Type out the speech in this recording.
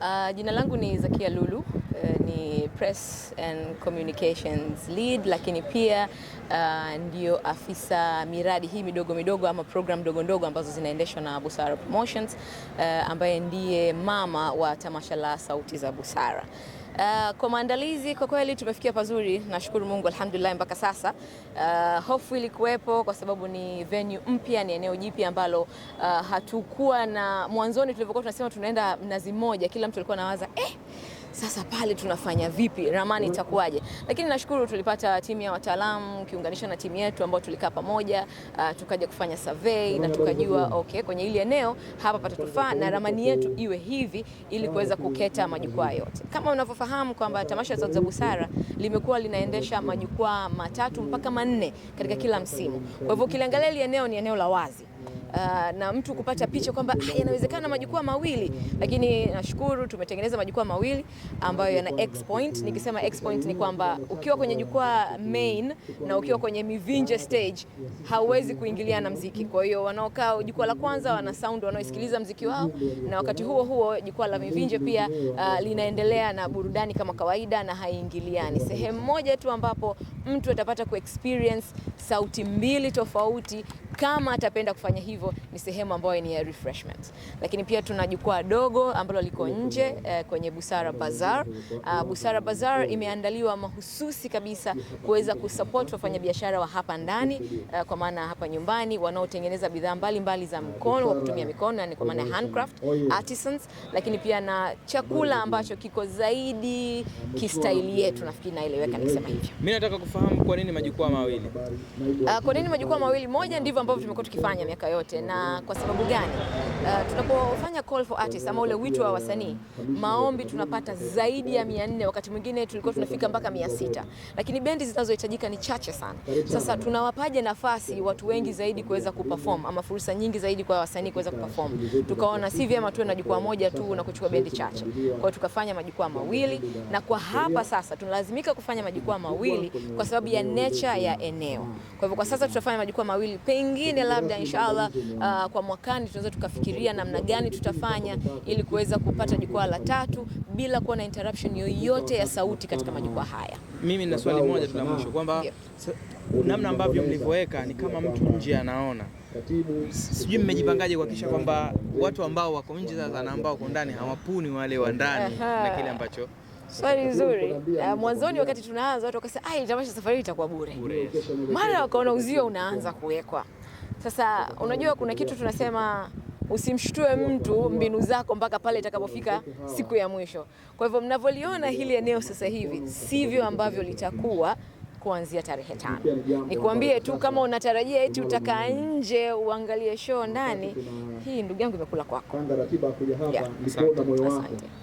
Uh, jina langu ni Zakia Lulu Eh, ni press and communications lead, lakini pia uh, ndio afisa miradi hii midogo midogo ama program ndogo ndogo ambazo zinaendeshwa na Busara Promotions uh, ambaye ndiye mama wa tamasha la Sauti za Busara. Uh, kwa maandalizi kwa kweli tumefikia pazuri, nashukuru Mungu alhamdulillah mpaka sasa. Uh, hofu ilikuwepo kwa sababu ni venue mpya, ni eneo jipya ambalo uh, hatukuwa na mwanzoni, tulivyokuwa tunasema tunaenda Mnazi Mmoja, kila mtu alikuwa anawaza eh sasa pale tunafanya vipi, ramani itakuwaje? Lakini nashukuru tulipata timu ya wataalamu ukiunganisha na timu yetu ambao tulikaa pamoja, uh, tukaja kufanya survey na tukajua okay, kwenye ile eneo hapa patatufaa na ramani yetu iwe hivi ili kuweza kuketa majukwaa yote. Kama unavyofahamu kwamba tamasha za za busara limekuwa linaendesha majukwaa matatu mpaka manne katika kila msimu. Kwa hivyo ukiliangalia ile eneo ni eneo la wazi uh, na mtu kupata picha kwamba ah, yanawezekana majukwaa mawili, lakini nashukuru tumetengeneza majukwaa mawili ambayo yana X point. Nikisema X point ni kwamba ukiwa kwenye jukwaa main na ukiwa kwenye mivinje stage hauwezi kuingiliana mziki. Kwa hiyo wanaokaa jukwaa la kwanza wana sound wanaosikiliza mziki wao, na wakati huo huo jukwaa la mivinje pia uh, linaendelea na burudani kama kawaida na haiingiliani. Sehemu moja tu ambapo mtu atapata experience sauti mbili tofauti kama atapenda kufanya hivyo, ni sehemu ambayo ni ya refreshment. Lakini pia tuna jukwaa dogo ambalo liko nje eh, kwenye Busara Bazaar. Uh, Busara Bazaar imeandaliwa mahususi kabisa kuweza kusupport wafanyabiashara wa hapa ndani uh, kwa maana hapa nyumbani wanaotengeneza bidhaa mbalimbali za mkono wa kutumia mikono, yani kwa maana handcraft artisans, lakini pia na chakula ambacho kiko zaidi kistaili yetu, nafikiri naeleweka nikisema hivyo. Mimi nataka kufahamu kwa nini majukwaa mawili? Uh, kwa nini majukwaa mawili? Moja ndivyo ambavyo tumekuwa tukifanya miaka yote. Na kwa sababu gani? Uh, tunapofanya call for artists ama ule wito wa wasanii, maombi tunapata zaidi ya 400, wakati mwingine tulikuwa tunafika mpaka 600, lakini bendi zinazohitajika ni chache sana. Sasa tunawapaje nafasi watu wengi zaidi kuweza kuperform ama fursa nyingi zaidi kwa wasanii kuweza kuperform? Tukaona si vyema tuwe na jukwaa moja tu na kuchukua bendi chache, kwa hiyo tukafanya majukwaa mawili, na kwa hapa sasa tunalazimika kufanya majukwaa mawili kwa sababu ya nature ya eneo. Kwa hivyo kwa sasa tutafanya majukwaa mawili pengi mwingine labda inshallah, uh, kwa mwakani tunaweza tukafikiria namna gani tutafanya ili kuweza kupata jukwaa la tatu bila kuwa na interruption yoyote ya sauti katika majukwaa haya. Mimi na swali moja tu la mwisho kwamba namna ambavyo mlivyoweka ni kama mtu nje anaona, sijui mmejipangaje kuhakikisha kwamba watu ambao wako nje sasa na ambao wako ndani hawapuni wale wa ndani na kile ambacho Swali nzuri. Uh, mwanzoni wakati tunaanza watu wakasema, ai tamasha safari itakuwa bure, mara wakaona uzio unaanza kuwekwa sasa unajua kuna kitu tunasema usimshtue mtu mbinu zako mpaka pale itakapofika siku ya mwisho. Kwa hivyo mnavyoliona hili eneo sasa hivi sivyo ambavyo litakuwa kuanzia tarehe tano. Nikwambie tu kama unatarajia eti utakaa nje uangalie show ndani, hii ndugu yangu imekula kwako. Yeah. Asante.